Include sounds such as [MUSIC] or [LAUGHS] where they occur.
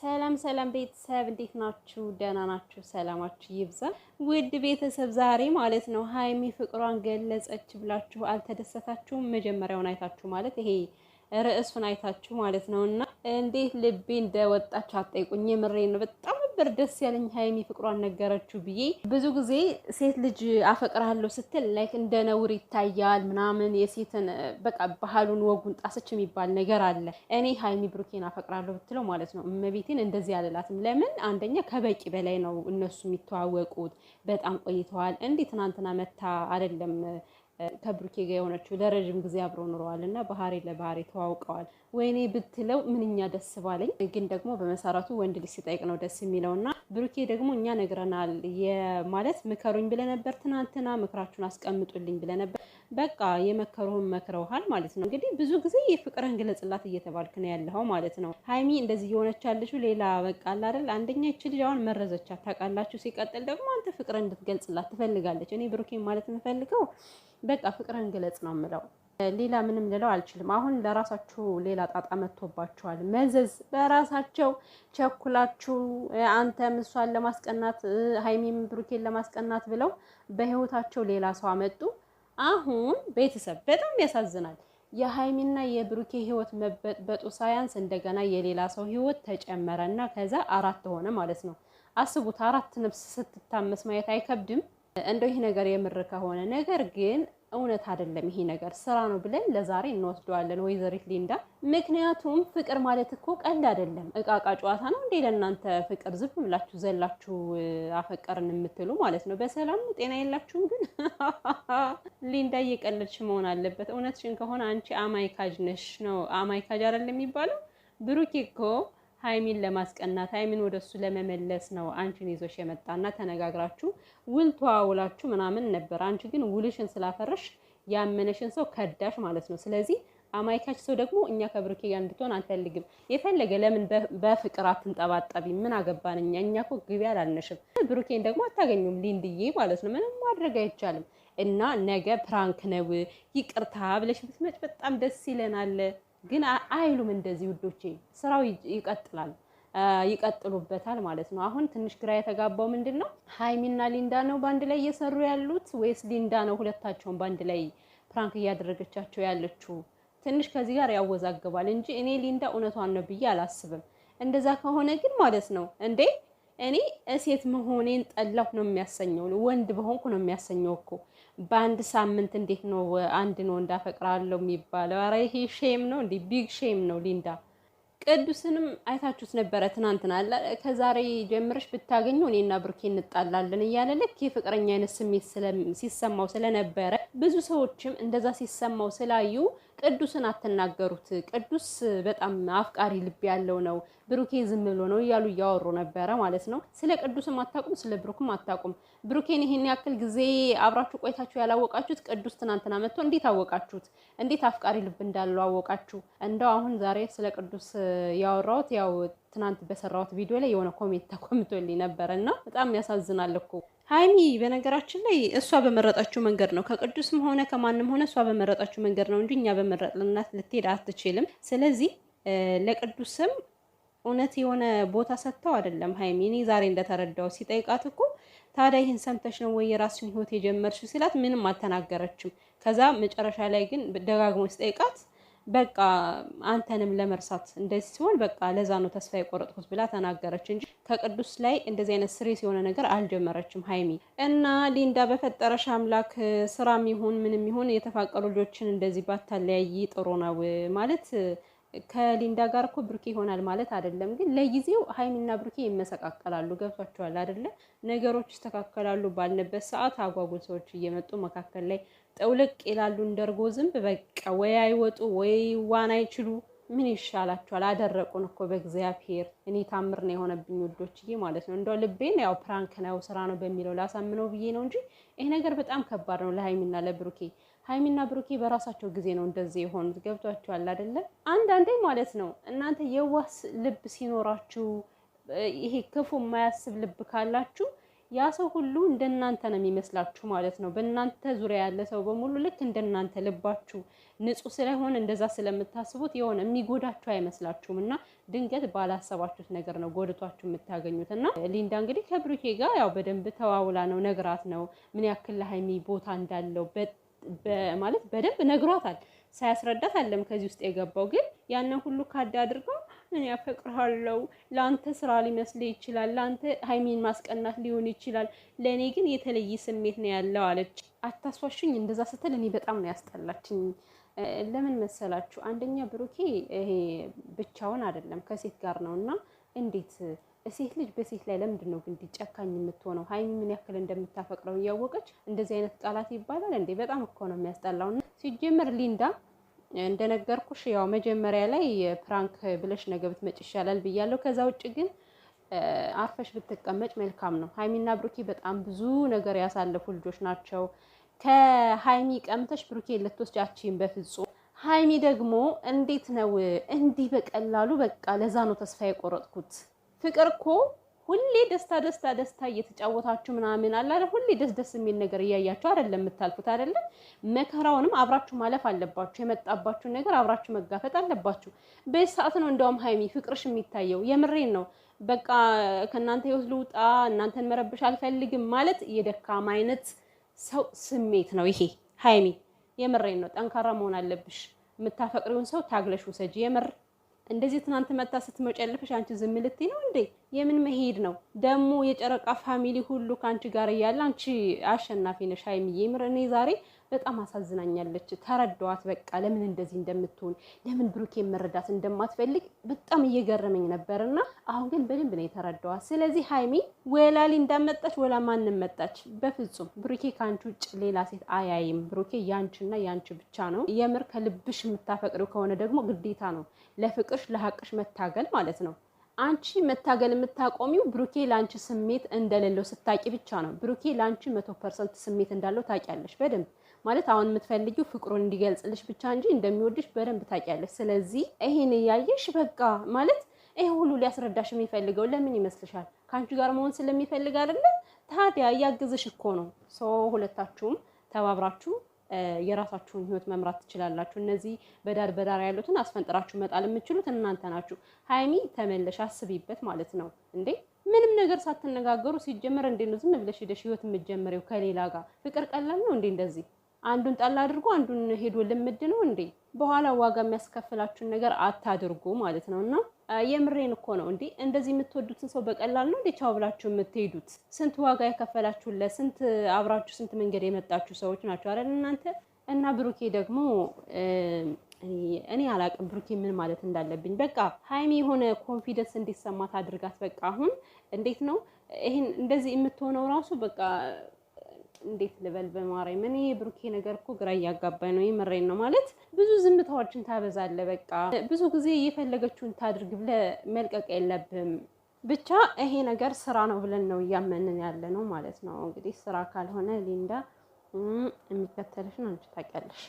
ሰላም ሰላም ቤተሰብ እንዴት ናችሁ? ደህና ናችሁ? ሰላማችሁ ይብዛ። ውድ ቤተሰብ ዛሬ ማለት ነው ሀይሚ ፍቅሯን ገለጸች ብላችሁ አልተደሰታችሁም? መጀመሪያውን አይታችሁ ማለት ይሄ ርዕሱን አይታችሁ ማለት ነው እና እንዴት ልቤ እንደወጣችሁ አጠይቁኝ። የምሬ ነው በጣም ነበር ደስ ያለኝ ሀይሚ ፍቅሯን ነገረችው ብዬ። ብዙ ጊዜ ሴት ልጅ አፈቅርሃለሁ ስትል ላይክ እንደ ነውር ይታያል ምናምን፣ የሴትን በቃ ባህሉን ወጉን ጣሰች የሚባል ነገር አለ። እኔ ሀይሚ ብሩኬን አፈቅራለሁ ብትለው ማለት ነው እመቤቴን እንደዚህ አልላትም። ለምን አንደኛ ከበቂ በላይ ነው እነሱ የሚተዋወቁት፣ በጣም ቆይተዋል። እንዴ ትናንትና መታ አይደለም ከብሩኬ ጋር የሆነችው ለረዥም ጊዜ አብረው ኑረዋል እና ባህሪ ለባህሪ ተዋውቀዋል። ወይኔ ብትለው ምንኛ ደስ ባለኝ። ግን ደግሞ በመሰረቱ ወንድ ልጅ ሲጠይቅ ነው ደስ የሚለው እና ብሩኬ ደግሞ እኛ ነግረናል ማለት ምከሩኝ ብለነበር ትናንትና፣ ምክራችሁን አስቀምጡልኝ ብለነበር በቃ የመከሩህን መክረውሃል ማለት ነው። እንግዲህ ብዙ ጊዜ የፍቅርን ግለጽላት እየተባልክ ነው ያለኸው ማለት ነው። ሀይሚ እንደዚህ የሆነች ያለችው ሌላ በቃ አይደል፣ አንደኛ ይች ልጅ አሁን መረዘቻት ታውቃላችሁ። ሲቀጥል ደግሞ አንተ ፍቅርህን እንድትገልጽላት ትፈልጋለች። እኔ ብሩኬን ማለት የምፈልገው በቃ ፍቅርን ግለጽ ነው የምለው ሌላ ምንም ልለው አልችልም። አሁን ለራሳችሁ ሌላ ጣጣ መጥቶባችኋል። መዘዝ በራሳቸው ቸኩላችሁ አንተም እሷን ለማስቀናት ሀይሚም ብሩኬን ለማስቀናት ብለው በህይወታቸው ሌላ ሰው አመጡ። አሁን ቤተሰብ በጣም ያሳዝናል። የሀይሚና የብሩኬ ህይወት መበጥበጡ ሳያንስ እንደገና የሌላ ሰው ህይወት ተጨመረ እና ከዛ አራት ሆነ ማለት ነው። አስቡት፣ አራት ነፍስ ስትታመስ ማየት አይከብድም? እንደው ይህ ነገር የምር ከሆነ ነገር ግን እውነት አይደለም ይሄ ነገር ስራ ነው ብለን ለዛሬ እንወስደዋለን ወይዘሪት ሊንዳ። ምክንያቱም ፍቅር ማለት እኮ ቀልድ አይደለም፣ እቃ እቃ ጨዋታ ነው እንዴ? ለእናንተ ፍቅር ዝም ብላችሁ ዘላችሁ አፈቀርን የምትሉ ማለት ነው። በሰላም ጤና የላችሁም። ግን [LAUGHS] ሊንዳ እየቀለድሽ መሆን አለበት። እውነትሽን ከሆነ አንቺ አማይካጅ ነሽ። ነው አማይካጅ አይደለም የሚባለው ብሩኬ እኮ ሀይሚን ለማስቀናት ሀይሚን ወደ እሱ ለመመለስ ነው አንቺን ይዞሽ የመጣና ተነጋግራችሁ ውል ተዋውላችሁ ምናምን ነበር። አንቺ ግን ውልሽን ስላፈረሽ ያመነሽን ሰው ከዳሽ ማለት ነው። ስለዚህ አማይካች ሰው ደግሞ እኛ ከብሩኬ ጋር እንድትሆን አንፈልግም። የፈለገ ለምን በፍቅር አትንጠባጠቢ፣ ምን አገባን እኛ እኛ እኮ ግቢ አላልነሽም። ብሩኬን ደግሞ አታገኙም ሊንድዬ ማለት ነው። ምንም ማድረግ አይቻልም። እና ነገ ፕራንክ ነው ይቅርታ ብለሽ ብትመጭ በጣም ደስ ይለናል። ግን አይሉም እንደዚህ ውዶቼ። ስራው ይቀጥላል፣ ይቀጥሉበታል ማለት ነው። አሁን ትንሽ ግራ የተጋባው ምንድን ነው ሀይሚና ሊንዳ ነው በአንድ ላይ እየሰሩ ያሉት ወይስ ሊንዳ ነው ሁለታቸውን በአንድ ላይ ፕራንክ እያደረገቻቸው ያለችው? ትንሽ ከዚህ ጋር ያወዛግባል እንጂ እኔ ሊንዳ እውነቷን ነው ብዬ አላስብም። እንደዛ ከሆነ ግን ማለት ነው እንዴ እኔ እሴት መሆኔን ጠላሁ ነው የሚያሰኘው። ወንድ በሆንኩ ነው የሚያሰኘው እኮ በአንድ ሳምንት እንዴት ነው አንድን ወንድ አፈቅራለሁ የሚባለው? ኧረ ይሄ ሼም ነው እንዴ! ቢግ ሼም ነው። ሊንዳ ቅዱስንም አይታችሁት ነበረ ትናንትና። ከዛሬ ጀምረሽ ብታገኙ እኔና ብሩኬ እንጣላለን እያለ ልክ የፍቅረኛ አይነት ስሜት ሲሰማው ስለነበረ ብዙ ሰዎችም እንደዛ ሲሰማው ስላዩ ቅዱስን አትናገሩት፣ ቅዱስ በጣም አፍቃሪ ልብ ያለው ነው፣ ብሩኬ ዝም ብሎ ነው እያሉ እያወሩ ነበረ ማለት ነው። ስለ ቅዱስም አታውቁም፣ ስለ ብሩክም አታውቁም። ብሩኬን ይህን ያክል ጊዜ አብራችሁ ቆይታችሁ ያላወቃችሁት ቅዱስ ትናንትና መጥቶ እንዴት አወቃችሁት? እንዴት አፍቃሪ ልብ እንዳለው አወቃችሁ? እንደው አሁን ዛሬ ስለ ቅዱስ ያወራሁት ያው ትናንት በሰራሁት ቪዲዮ ላይ የሆነ ኮሜንት ተኮምቶልኝ ነበረ እና በጣም ያሳዝናል እኮ ሀይሚ በነገራችን ላይ እሷ በመረጣችው መንገድ ነው ከቅዱስም ሆነ ከማንም ሆነ እሷ በመረጣችው መንገድ ነው እንጂ እኛ በመረጥልናት ልትሄድ አትችልም። ስለዚህ ለቅዱስም እውነት የሆነ ቦታ ሰጥተው አይደለም። ሀይሚ እኔ ዛሬ እንደተረዳው ሲጠይቃት እኮ ታዲያ ይህን ሰምተሽ ነው ወይ የራስሽን ህይወት የጀመርሽ ሲላት ምንም አልተናገረችም። ከዛ መጨረሻ ላይ ግን ደጋግሞ ሲጠይቃት በቃ አንተንም ለመርሳት እንደዚህ ሲሆን በቃ ለዛ ነው ተስፋ የቆረጥኩት ብላ ተናገረች እንጂ ከቅዱስ ላይ እንደዚህ አይነት ስሬ ሲሆነ ነገር አልጀመረችም ሀይሚ እና ሊንዳ በፈጠረሽ አምላክ ስራም ይሁን ምንም ይሁን የተፋቀሩ ልጆችን እንደዚህ ባታለያይ ጥሩ ነው ማለት ከሊንዳ ጋር እኮ ብሩኬ ይሆናል ማለት አይደለም፣ ግን ለጊዜው ሀይሚና ብሩኬ ይመሰቃቀላሉ። ገብቷቸዋል አይደለ? ነገሮች ይስተካከላሉ ባልንበት ሰዓት አጓጉል ሰዎች እየመጡ መካከል ላይ ጠውልቅ ይላሉ እንደርጎ ዝንብ በቃ ወይ አይወጡ ወይ ዋን አይችሉ። ምን ይሻላቸዋል አደረቁን እኮ በእግዚአብሔር እኔ ታምር ነው የሆነብኝ ውዶችዬ ማለት ነው። እንደው ልቤን ያው ፕራንክ ነው ስራ ነው በሚለው ላሳምነው ብዬ ነው እንጂ ይሄ ነገር በጣም ከባድ ነው ለሀይሚና ለብሩኬ። ሀይሚና ብሩኬ በራሳቸው ጊዜ ነው እንደዚህ የሆኑት። ገብቷቸዋል አይደለም? አንዳንዴ ማለት ነው እናንተ የዋስ ልብ ሲኖራችሁ ይሄ ክፉ የማያስብ ልብ ካላችሁ ያ ሰው ሁሉ እንደናንተ ነው የሚመስላችሁ ማለት ነው። በእናንተ ዙሪያ ያለ ሰው በሙሉ ልክ እንደናንተ ልባችሁ ንጹህ ስለሆነ እንደዛ ስለምታስቡት የሆነ የሚጎዳችሁ አይመስላችሁም እና ድንገት ባላሰባችሁት ነገር ነው ጎድቷችሁ የምታገኙት። እና ሊንዳ እንግዲህ ከብሩኬ ጋር ያው በደንብ ተዋውላ ነው ነግራት ነው ምን ያክል ለሀይሚ ቦታ እንዳለው ማለት በደንብ ነግሯታል። ሳያስረዳት አለም ከዚህ ውስጥ የገባው ግን ያንን ሁሉ ካዳ አድርገው እኔ አፈቅርሃለሁ፣ ለአንተ ስራ ሊመስል ይችላል፣ ለአንተ ሀይሜን ማስቀናት ሊሆን ይችላል፣ ለእኔ ግን የተለየ ስሜት ነው ያለው አለች። አታስዋሽኝ እንደዛ ስትል እኔ በጣም ነው ያስጠላችኝ። ለምን መሰላችሁ? አንደኛ ብሩኬ ይሄ ብቻውን አይደለም ከሴት ጋር ነው እና እንዴት ሴት ልጅ በሴት ላይ ለምንድን ነው ግን ጨካኝ የምትሆነው? ሀይሚ ምን ያክል እንደምታፈቅረው እያወቀች እንደዚህ አይነት ቃላት ይባላል እንዴ? በጣም እኮ ነው የሚያስጠላው። ሲጀመር ሊንዳ እንደነገርኩሽ ያው መጀመሪያ ላይ ፕራንክ ብለሽ ነገ ብትመጭ ይሻላል ብያለሁ። ከዛ ውጭ ግን አርፈሽ ብትቀመጭ መልካም ነው። ሀይሚና ብሩኬ በጣም ብዙ ነገር ያሳለፉ ልጆች ናቸው። ከሀይሚ ቀምተሽ ብሩኬ ልትወስጃችን በፍጹም። ሀይሚ ደግሞ እንዴት ነው እንዲህ በቀላሉ በቃ ለዛ ነው ተስፋ የቆረጥኩት ፍቅር እኮ ሁሌ ደስታ ደስታ ደስታ እየተጫወታችሁ ምናምን አላለ ሁሌ ደስ ደስ የሚል ነገር እያያችሁ አይደለም የምታልፉት አይደለ? መከራውንም አብራችሁ ማለፍ አለባችሁ። የመጣባችሁን ነገር አብራችሁ መጋፈጥ አለባችሁ። በዚህ ሰዓት ነው እንደውም ሀይሚ ፍቅርሽ የሚታየው። የምሬን ነው። በቃ ከእናንተ ህይወት ልውጣ፣ እናንተን መረብሽ አልፈልግም ማለት የደካማ አይነት ሰው ስሜት ነው ይሄ። ሀይሚ የምሬን ነው። ጠንካራ መሆን አለብሽ። የምታፈቅሪውን ሰው ታግለሽ ውሰጂ የምር እንደዚህ ትናንት መታ ስትመጨልፍሽ አንቺ ዝም ልትይ ነው እንዴ? የምን መሄድ ነው ደግሞ? የጨረቃ ፋሚሊ ሁሉ ከአንቺ ጋር እያለ አንቺ አሸናፊ ነሽ ሀይሚዬ። ምር እኔ ዛሬ በጣም አሳዝናኛለች። ተረዳዋት በቃ ለምን እንደዚህ እንደምትሆን ለምን ብሩኬን መረዳት እንደማትፈልግ በጣም እየገረመኝ ነበር እና አሁን ግን በደንብ ነው የተረዳዋት። ስለዚህ ሀይሚ ወላሊ እንዳመጣች ወላ ማንም መጣች፣ በፍጹም ብሩኬ ከአንቺ ውጭ ሌላ ሴት አያይም። ብሩኬ ያንቺና ያንቺ ብቻ ነው። የምር ከልብሽ የምታፈቅደው ከሆነ ደግሞ ግዴታ ነው ለፍቅርሽ ለሀቅሽ መታገል ማለት ነው። አንቺ መታገል የምታቆሚው ብሩኬ ለአንቺ ስሜት እንደሌለው ስታቂ ብቻ ነው። ብሩኬ ለአንቺ መቶ ፐርሰንት ስሜት እንዳለው ታቂያለሽ በደንብ ማለት አሁን የምትፈልጊው ፍቅሩን እንዲገልጽልሽ ብቻ እንጂ እንደሚወድሽ በደንብ ታቂያለሽ። ስለዚህ ይሄን እያየሽ በቃ ማለት ይሄ ሁሉ ሊያስረዳሽ የሚፈልገው ለምን ይመስልሻል? ከአንቺ ጋር መሆን ስለሚፈልግ አይደለም? ታዲያ እያግዝሽ እኮ ነው። ሰው ሁለታችሁም ተባብራችሁ የራሳችሁን ህይወት መምራት ትችላላችሁ። እነዚህ በዳር በዳር ያሉትን አስፈንጥራችሁ መጣል የምችሉት እናንተ ናችሁ። ሀይሚ ተመለሽ፣ አስቢበት ማለት ነው እንዴ ምንም ነገር ሳትነጋገሩ ሲጀመር እንዴ ነው ዝም ብለሽ ሄደሽ ህይወት የምትጀምሪው ከሌላ ጋር? ፍቅር ቀላል ነው እንዴ? እንደዚህ አንዱን ጠላ አድርጎ አንዱን ሄዶ ልምድ ነው እንዴ? በኋላ ዋጋ የሚያስከፍላችሁን ነገር አታድርጉ ማለት ነው እና የምሬን እኮ ነው እንዴ! እንደዚህ የምትወዱትን ሰው በቀላል ነው እንዴ ቻው ብላችሁ የምትሄዱት? ስንት ዋጋ የከፈላችሁለት፣ ስንት አብራችሁ፣ ስንት መንገድ የመጣችሁ ሰዎች ናቸው አይደል እናንተ እና ብሩኬ ደግሞ እኔ አላቅም ብሩኬ ምን ማለት እንዳለብኝ። በቃ ሀይሚ የሆነ ኮንፊደንስ እንዲሰማት አድርጋት። በቃ አሁን እንዴት ነው ይህን እንደዚህ የምትሆነው ራሱ በቃ እንዴት ልበል በማርያም እኔ የብሩኬ ነገር እኮ ግራ እያጋባኝ ነው። የምሬን ነው ማለት ብዙ ዝምታዎችን ታበዛለ። በቃ ብዙ ጊዜ እየፈለገችውን ታድርግ ብለ መልቀቅ የለብም። ብቻ ይሄ ነገር ስራ ነው ብለን ነው እያመንን ያለ ነው ማለት ነው። እንግዲህ ስራ ካልሆነ ሊንዳ የሚከተልሽን አንቺ ታውቂያለሽ።